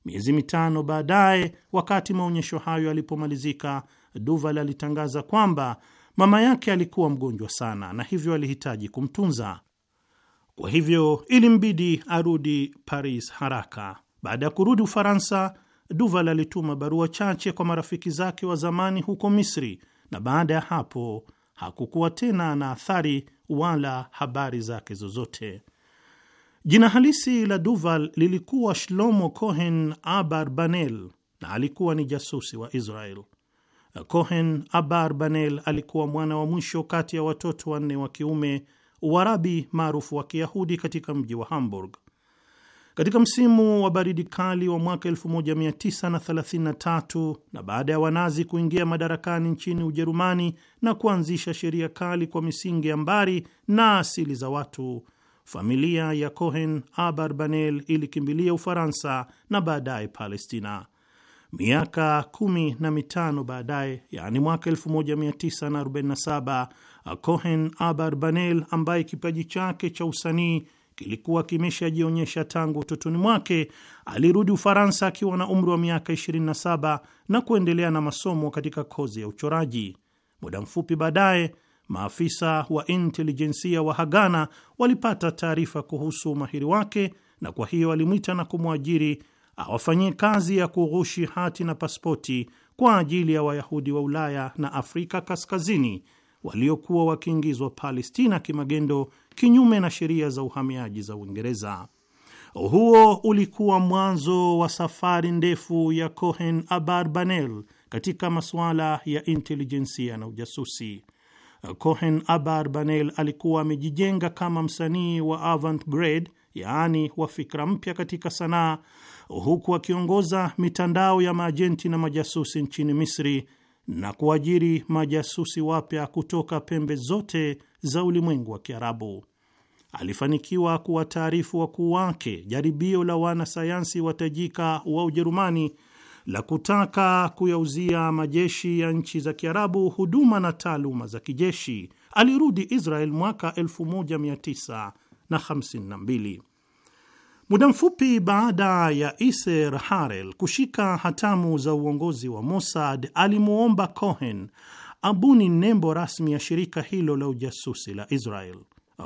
Miezi mitano baadaye, wakati maonyesho hayo yalipomalizika, Duval alitangaza kwamba mama yake alikuwa mgonjwa sana na hivyo alihitaji kumtunza. Kwa hivyo ilimbidi arudi Paris haraka. Baada ya kurudi Ufaransa, Duval alituma barua chache kwa marafiki zake wa zamani huko Misri, na baada ya hapo hakukuwa tena na athari wala habari zake zozote. Jina halisi la Duval lilikuwa Shlomo Cohen Abar Banel na alikuwa ni jasusi wa Israel. Cohen Abar Banel alikuwa mwana wa mwisho kati ya watoto wanne wa kiume Uarabi maarufu wa Kiyahudi katika mji wa Hamburg. Katika msimu wa baridi kali wa mwaka 1933 na baada ya Wanazi kuingia madarakani nchini Ujerumani na kuanzisha sheria kali kwa misingi ya mbari na asili za watu, familia ya Cohen Abarbanel ilikimbilia Ufaransa na baadaye Palestina. Miaka kumi na mitano baadaye, yaani mwaka 1947 Cohen Abar Banel ambaye kipaji chake cha usanii kilikuwa kimeshajionyesha tangu utotoni mwake, alirudi Ufaransa akiwa na umri wa miaka 27 na kuendelea na masomo katika kozi ya uchoraji. Muda mfupi baadaye, maafisa wa intelijensia wa Hagana walipata taarifa kuhusu umahiri wake, na kwa hiyo alimwita na kumwajiri awafanyie kazi ya kughushi hati na pasipoti kwa ajili ya Wayahudi wa Ulaya na Afrika Kaskazini waliokuwa wakiingizwa Palestina kimagendo kinyume na sheria za uhamiaji za Uingereza. Huo ulikuwa mwanzo wa safari ndefu ya Cohen Abarbanel katika masuala ya intelijensia na ujasusi. Cohen Abarbanel alikuwa amejijenga kama msanii wa avant-garde, yaani wa fikra mpya katika sanaa, huku akiongoza mitandao ya maajenti na majasusi nchini Misri na kuajiri majasusi wapya kutoka pembe zote za ulimwengu wa Kiarabu. Alifanikiwa kuwataarifu wakuu wake jaribio la wanasayansi watajika wa Ujerumani la kutaka kuyauzia majeshi ya nchi za Kiarabu huduma na taaluma za kijeshi. Alirudi Israel mwaka 1952. Muda mfupi baada ya Iser Harel kushika hatamu za uongozi wa Mossad, alimwomba Cohen abuni nembo rasmi ya shirika hilo la ujasusi la Israel.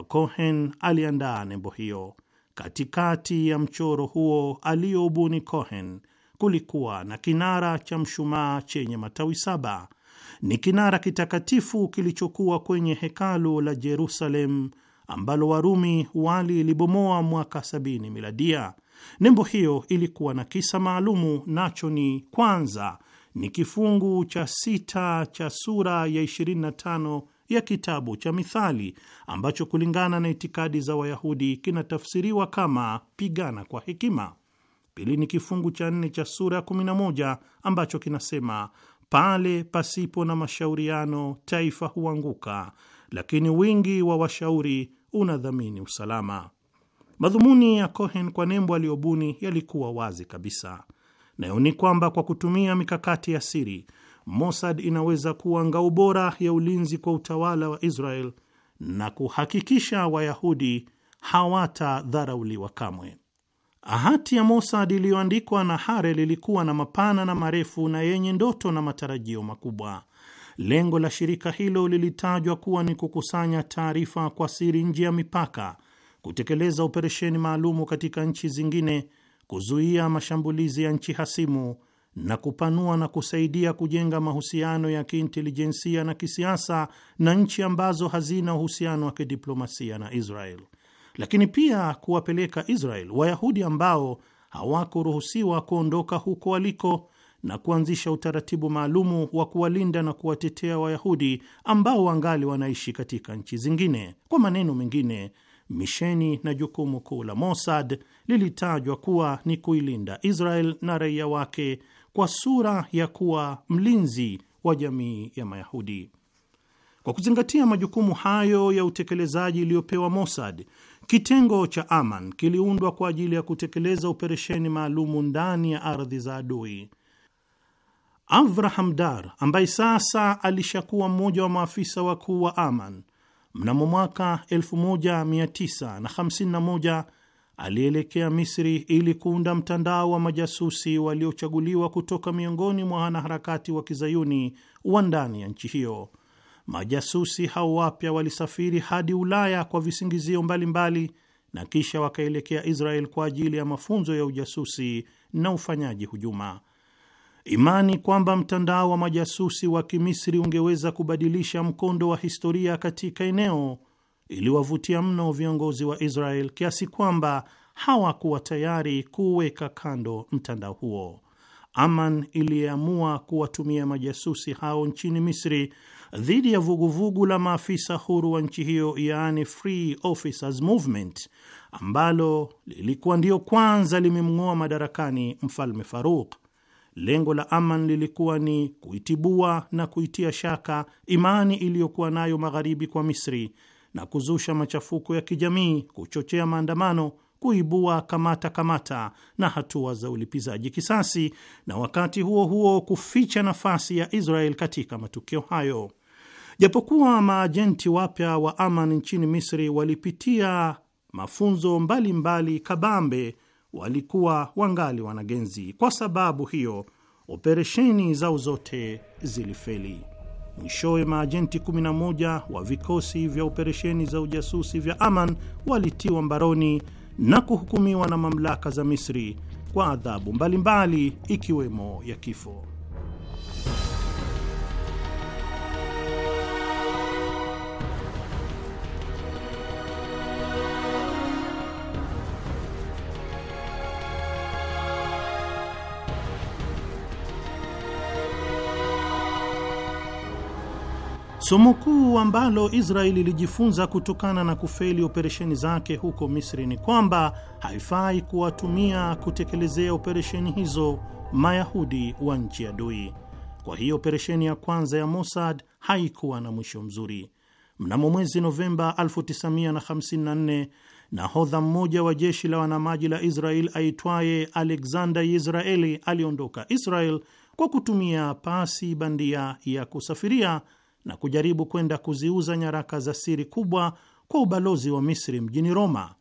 Cohen aliandaa nembo hiyo. Katikati ya mchoro huo aliyoubuni Cohen kulikuwa na kinara cha mshumaa chenye matawi saba. Ni kinara kitakatifu kilichokuwa kwenye hekalu la Jerusalem ambalo Warumi walilibomoa mwaka sabini miladia. Nembo hiyo ilikuwa na kisa maalumu, nacho ni kwanza ni kifungu cha sita cha sura ya 25 ya kitabu cha Mithali ambacho kulingana na itikadi za Wayahudi kinatafsiriwa kama pigana kwa hekima. Pili ni kifungu cha nne cha sura ya 11 ambacho kinasema, pale pasipo na mashauriano taifa huanguka, lakini wingi wa washauri unadhamini usalama. Madhumuni ya Cohen kwa nembo aliyobuni yalikuwa wazi kabisa, nayo ni kwamba kwa kutumia mikakati ya siri, Mossad inaweza kuwa ngao bora ya ulinzi kwa utawala wa Israel na kuhakikisha Wayahudi hawatadharauliwa kamwe. Hati ya Mossad iliyoandikwa na Harel ilikuwa na mapana na marefu na yenye ndoto na matarajio makubwa. Lengo la shirika hilo lilitajwa kuwa ni kukusanya taarifa kwa siri nje ya mipaka, kutekeleza operesheni maalumu katika nchi zingine, kuzuia mashambulizi ya nchi hasimu na kupanua na kusaidia kujenga mahusiano ya kiintelijensia na kisiasa na nchi ambazo hazina uhusiano wa kidiplomasia na Israel, lakini pia kuwapeleka Israel Wayahudi ambao hawakuruhusiwa kuondoka huko waliko na kuanzisha utaratibu maalumu wa kuwalinda na kuwatetea Wayahudi ambao wangali wanaishi katika nchi zingine. Kwa maneno mengine, misheni na jukumu kuu la Mossad lilitajwa kuwa ni kuilinda Israel na raia wake kwa sura ya kuwa mlinzi wa jamii ya Mayahudi. Kwa kuzingatia majukumu hayo ya utekelezaji iliyopewa Mossad, kitengo cha Aman kiliundwa kwa ajili ya kutekeleza operesheni maalumu ndani ya ardhi za adui. Avraham Dar ambaye sasa alishakuwa mmoja wa maafisa wakuu wa Aman, mnamo mwaka 1951 alielekea Misri ili kuunda mtandao wa majasusi waliochaguliwa kutoka miongoni mwa wanaharakati wa kizayuni wa ndani ya nchi hiyo. Majasusi hao wapya walisafiri hadi Ulaya kwa visingizio mbalimbali mbali, na kisha wakaelekea Israel kwa ajili ya mafunzo ya ujasusi na ufanyaji hujuma. Imani kwamba mtandao wa majasusi wa Kimisri ungeweza kubadilisha mkondo wa historia katika eneo iliwavutia mno viongozi wa Israel kiasi kwamba hawakuwa tayari kuweka kando mtandao huo. Aman iliyeamua kuwatumia majasusi hao nchini Misri dhidi ya vuguvugu la maafisa huru wa nchi hiyo, yaani Free Officers Movement, ambalo lilikuwa ndio kwanza limemng'oa madarakani mfalme Faruk. Lengo la Aman lilikuwa ni kuitibua na kuitia shaka imani iliyokuwa nayo magharibi kwa Misri na kuzusha machafuko ya kijamii, kuchochea maandamano, kuibua kamata kamata na hatua za ulipizaji kisasi, na wakati huo huo kuficha nafasi ya Israel katika matukio hayo. Japokuwa maajenti wapya wa Aman nchini Misri walipitia mafunzo mbalimbali mbali kabambe walikuwa wangali wanagenzi. Kwa sababu hiyo, operesheni zao zote zilifeli. Mwishowe, maajenti 11 wa vikosi vya operesheni za ujasusi vya Aman walitiwa mbaroni na kuhukumiwa na mamlaka za Misri kwa adhabu mbalimbali ikiwemo ya kifo. Somo kuu ambalo Israeli ilijifunza kutokana na kufeli operesheni zake huko Misri ni kwamba haifai kuwatumia kutekelezea operesheni hizo Mayahudi wa nchi adui. Kwa hiyo operesheni ya kwanza ya Mossad haikuwa na mwisho mzuri. Mnamo mwezi Novemba 1954 nahodha mmoja wa jeshi la wanamaji la Israel aitwaye Alexander Yisraeli aliondoka Israel kwa kutumia pasi bandia ya kusafiria na kujaribu kwenda kuziuza nyaraka za siri kubwa kwa ubalozi wa Misri mjini Roma.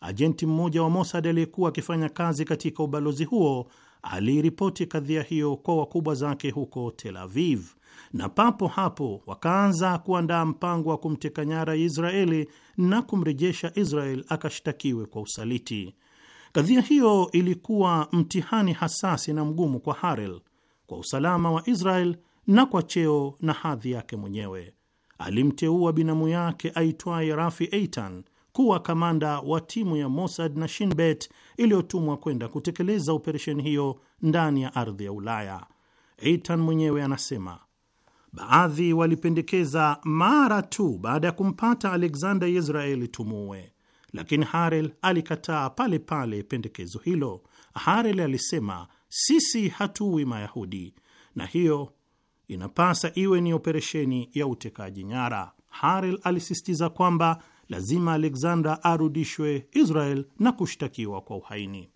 Ajenti mmoja wa Mossad aliyekuwa akifanya kazi katika ubalozi huo aliiripoti kadhia hiyo kwa wakubwa zake huko Tel Aviv, na papo hapo wakaanza kuandaa mpango wa kumteka nyara Israeli na kumrejesha Israel akashtakiwe kwa usaliti. Kadhia hiyo ilikuwa mtihani hasasi na mgumu kwa Harel, kwa usalama wa Israel na kwa cheo na hadhi yake mwenyewe. Alimteua binamu yake aitwaye Rafi Eitan kuwa kamanda wa timu ya Mossad na Shinbet iliyotumwa kwenda kutekeleza operesheni hiyo ndani ya ardhi ya Ulaya. Eitan mwenyewe anasema baadhi walipendekeza mara tu baada ya kumpata Alexander Israeli tumuue, lakini Harel alikataa pale pale pendekezo hilo. Harel alisema, sisi hatuwi Mayahudi, na hiyo inapasa iwe ni operesheni ya utekaji nyara. Harel alisisitiza kwamba lazima Alexander arudishwe Israel na kushtakiwa kwa uhaini.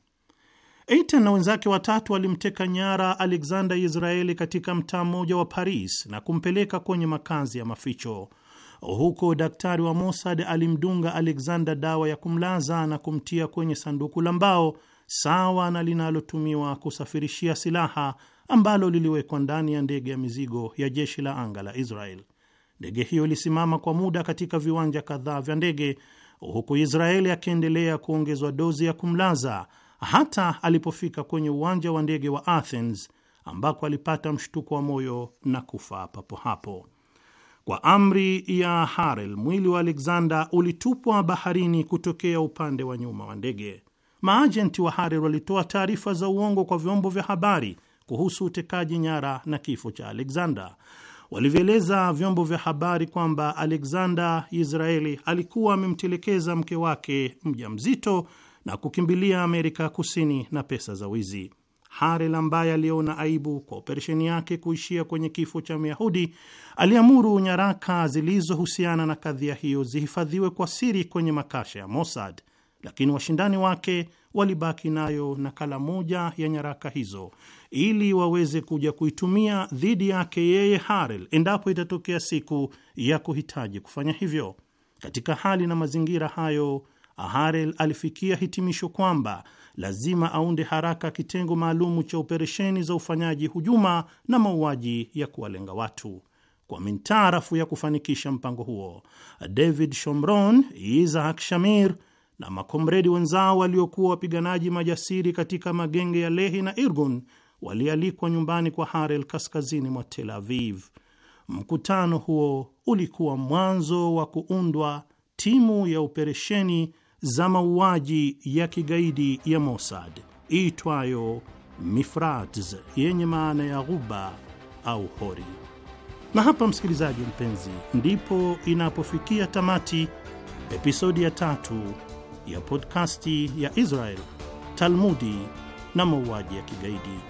Eitan na wenzake watatu walimteka nyara Alexander Israeli katika mtaa mmoja wa Paris na kumpeleka kwenye makazi ya maficho. Huko daktari wa Mossad alimdunga Alexander dawa ya kumlaza na kumtia kwenye sanduku la mbao sawa na linalotumiwa kusafirishia silaha ambalo liliwekwa ndani ya ndege ya mizigo ya jeshi la anga la Israel. Ndege hiyo ilisimama kwa muda katika viwanja kadhaa vya ndege, huku Israeli akiendelea kuongezwa dozi ya kumlaza hata alipofika kwenye uwanja wa ndege wa Athens ambako alipata mshtuko wa moyo na kufa papo hapo. Kwa amri ya Harel, mwili wa Alexander ulitupwa baharini kutokea upande wa nyuma wa ndege. Maajenti wa Harel walitoa taarifa za uongo kwa vyombo vya habari kuhusu utekaji nyara na kifo cha Alexander. Walivyoeleza vyombo vya habari kwamba Alexander Israeli alikuwa amemtelekeza mke wake mja mzito na kukimbilia Amerika Kusini na pesa za wizi. Harel ambaye aliona aibu kwa operesheni yake kuishia kwenye kifo cha Myahudi aliamuru nyaraka zilizohusiana na kadhia hiyo zihifadhiwe kwa siri kwenye makasha ya Mossad lakini washindani wake walibaki nayo nakala moja ya nyaraka hizo ili waweze kuja kuitumia dhidi yake yeye Harel endapo itatokea siku ya kuhitaji kufanya hivyo. Katika hali na mazingira hayo, Harel alifikia hitimisho kwamba lazima aunde haraka kitengo maalumu cha operesheni za ufanyaji hujuma na mauaji ya kuwalenga watu. Kwa mintaarafu ya kufanikisha mpango huo, David Shomron, Isaac Shamir na makomredi wenzao waliokuwa wapiganaji majasiri katika magenge ya Lehi na Irgun walialikwa nyumbani kwa Harel kaskazini mwa Tel Aviv. Mkutano huo ulikuwa mwanzo wa kuundwa timu ya operesheni za mauaji ya kigaidi ya Mossad iitwayo Mifrats, yenye maana ya ghuba au hori. Na hapa, msikilizaji mpenzi, ndipo inapofikia tamati episodi ya tatu ya podkasti ya Israel, Talmudi na mauaji ya kigaidi.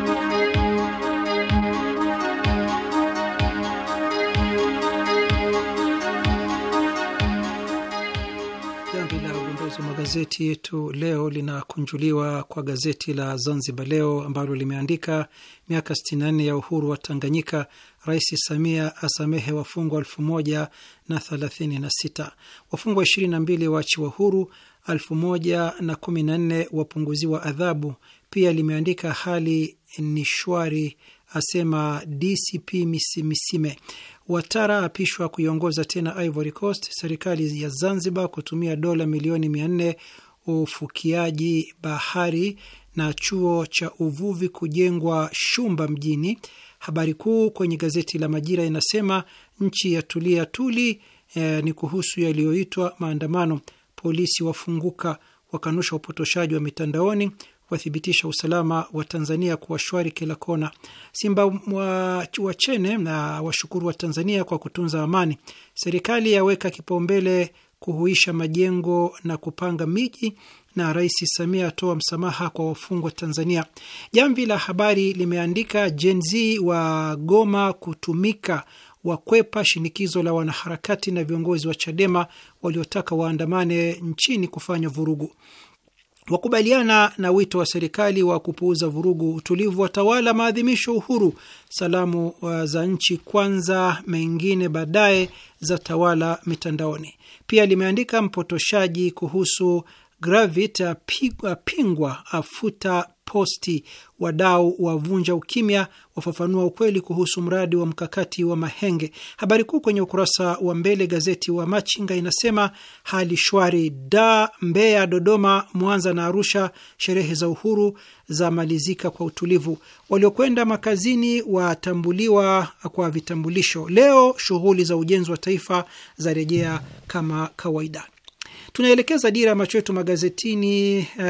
udondozi wa magazeti yetu leo linakunjuliwa kwa gazeti la Zanzibar Leo ambalo limeandika miaka 64 ya uhuru wa Tanganyika, Rais Samia asamehe wafungwa 136 wafungwa 22 waachiwa huru, uhuru 114 wapunguziwa adhabu. Pia limeandika hali ni shwari, asema DCP misime Watara apishwa kuiongoza tena Ivory Coast. Serikali ya Zanzibar kutumia dola milioni mia nne ufukiaji bahari na chuo cha uvuvi kujengwa Shumba mjini. Habari kuu kwenye gazeti la Majira inasema nchi ya tulia tuli. Eh, ni kuhusu yaliyoitwa maandamano. Polisi wafunguka wakanusha upotoshaji wa mitandaoni wathibitisha usalama wa Tanzania kuwa shwari kila kona. Simba wachene na washukuru wa Tanzania kwa kutunza amani. Serikali yaweka kipaumbele kuhuisha majengo na kupanga miji na Rais Samia atoa msamaha kwa wafungwa Tanzania. Jamvi la Habari limeandika Gen Z wa goma kutumika wakwepa shinikizo la wanaharakati na viongozi wa Chadema waliotaka waandamane nchini kufanya vurugu wakubaliana na wito wa serikali wa kupuuza vurugu, utulivu wa tawala maadhimisho uhuru, salamu uh, za nchi kwanza, mengine baadaye za tawala mitandaoni. Pia limeandika mpotoshaji kuhusu Gravit apingwa afuta posti, wadau wavunja ukimya, wafafanua ukweli kuhusu mradi wa mkakati wa Mahenge. Habari kuu kwenye ukurasa wa mbele gazeti wa Machinga inasema hali shwari da Mbeya, Dodoma, Mwanza na Arusha, sherehe za uhuru za malizika kwa utulivu. Waliokwenda makazini watambuliwa kwa vitambulisho. Leo shughuli za ujenzi wa taifa zarejea kama kawaida. Tunaelekeza dira ya macho yetu magazetini uh,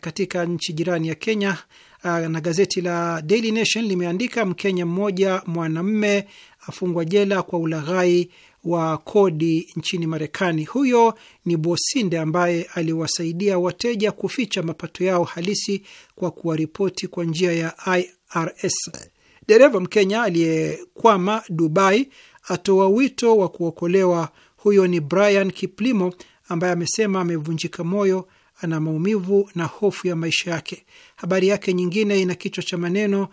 katika nchi jirani ya Kenya uh, na gazeti la Daily Nation limeandika Mkenya mmoja mwanamme afungwa jela kwa ulaghai wa kodi nchini Marekani. Huyo ni Bosinde ambaye aliwasaidia wateja kuficha mapato yao halisi kwa kuwaripoti kwa njia ya IRS. Dereva Mkenya aliyekwama Dubai atoa wito wa kuokolewa. Huyo ni Brian Kiplimo ambaye amesema amevunjika moyo, ana maumivu na hofu ya maisha yake. Habari yake nyingine ina kichwa cha maneno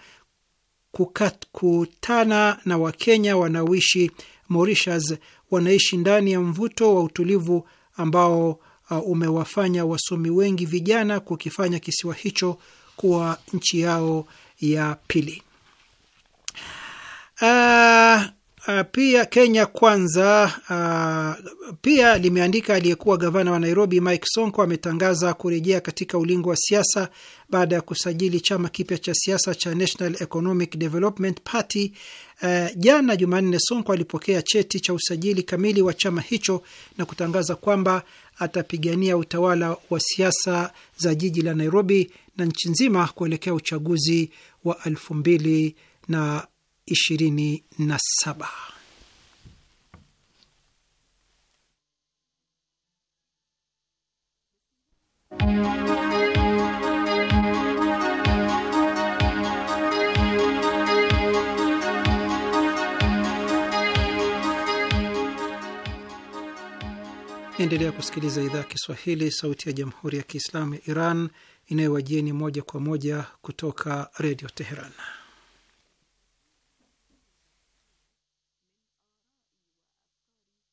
kukutana na Wakenya wanaoishi Mauritius, wanaishi ndani ya mvuto wa utulivu ambao uh, umewafanya wasomi wengi vijana kukifanya kisiwa hicho kuwa nchi yao ya pili. Uh, Uh, pia Kenya Kwanza uh, pia limeandika aliyekuwa gavana wa Nairobi Mike Sonko ametangaza kurejea katika ulingo wa siasa baada ya kusajili chama kipya cha siasa cha National Economic Development Party. Uh, jana Jumanne, Sonko alipokea cheti cha usajili kamili wa chama hicho na kutangaza kwamba atapigania utawala wa siasa za jiji la Nairobi na nchi nzima kuelekea uchaguzi wa elfu mbili na 27. Endelea kusikiliza idhaa ya Kiswahili, sauti ya jamhuri ya kiislamu ya Iran inayowajieni moja kwa moja kutoka redio Teheran.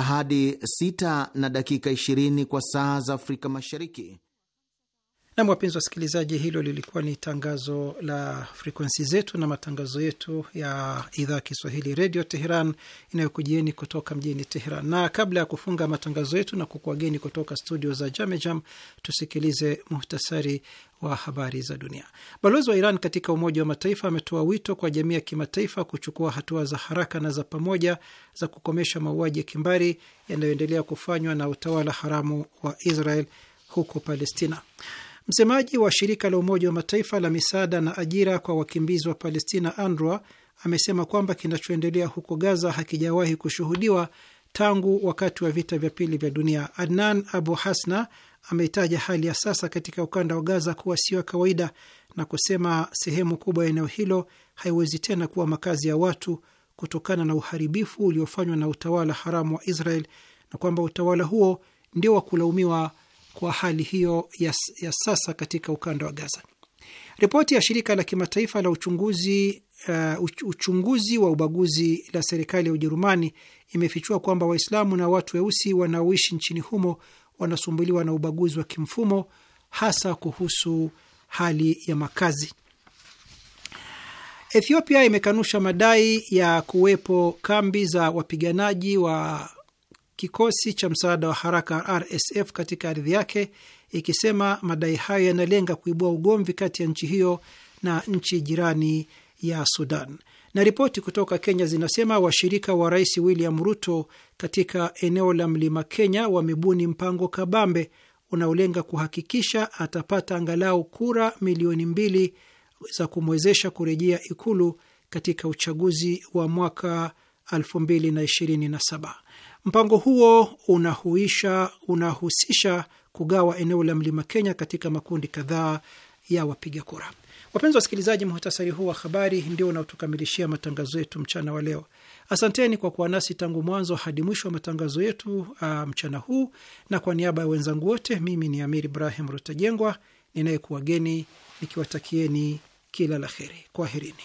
hadi 6 na dakika 20 kwa saa za Afrika Mashariki. Nam, wapenzi wasikilizaji, hilo lilikuwa ni tangazo la frekwensi zetu na matangazo yetu ya idhaa ya Kiswahili Redio Teheran inayokujieni kutoka mjini Teheran. Na kabla ya kufunga matangazo yetu na kukuageni kutoka studio za Jamejam, tusikilize muhtasari wa habari za dunia. Balozi wa Iran katika Umoja wa Mataifa ametoa wito kwa jamii ya kimataifa kuchukua hatua za haraka na za pamoja za kukomesha mauaji ya kimbari yanayoendelea kufanywa na utawala haramu wa Israel huko Palestina. Msemaji wa shirika la Umoja wa Mataifa la misaada na ajira kwa wakimbizi wa Palestina, UNRWA, amesema kwamba kinachoendelea huko Gaza hakijawahi kushuhudiwa tangu wakati wa vita vya pili vya dunia. Adnan Abu Hasna ameitaja hali ya sasa katika ukanda wa Gaza kuwa sio ya kawaida na kusema sehemu kubwa ya eneo hilo haiwezi tena kuwa makazi ya watu kutokana na uharibifu uliofanywa na utawala haramu wa Israel na kwamba utawala huo ndio wa kulaumiwa kwa hali hiyo ya, ya sasa katika ukanda wa Gaza. Ripoti ya shirika la kimataifa la uchunguzi uh, uchunguzi wa ubaguzi la serikali ya Ujerumani imefichua kwamba Waislamu na watu weusi wanaoishi nchini humo wanasumbuliwa na ubaguzi wa kimfumo hasa kuhusu hali ya makazi. Ethiopia imekanusha madai ya kuwepo kambi za wapiganaji wa kikosi cha msaada wa haraka RSF katika ardhi yake, ikisema madai hayo yanalenga kuibua ugomvi kati ya nchi hiyo na nchi jirani ya Sudan. Na ripoti kutoka Kenya zinasema washirika wa Rais William Ruto katika eneo la Mlima Kenya wamebuni mpango kabambe unaolenga kuhakikisha atapata angalau kura milioni mbili za kumwezesha kurejea Ikulu katika uchaguzi wa mwaka 2027. Mpango huo unahuisha, unahusisha kugawa eneo la mlima Kenya katika makundi kadhaa ya wapiga kura. Wapenzi wasikilizaji, muhtasari huu wa habari ndio unaotukamilishia matangazo yetu mchana wa leo. Asanteni kwa kuwa nasi tangu mwanzo hadi mwisho wa matangazo yetu uh, mchana huu, na kwa niaba ya wenzangu wote, mimi ni Amir Ibrahim Rutajengwa ninayekuwageni nikiwatakieni kila la heri. Kwaherini.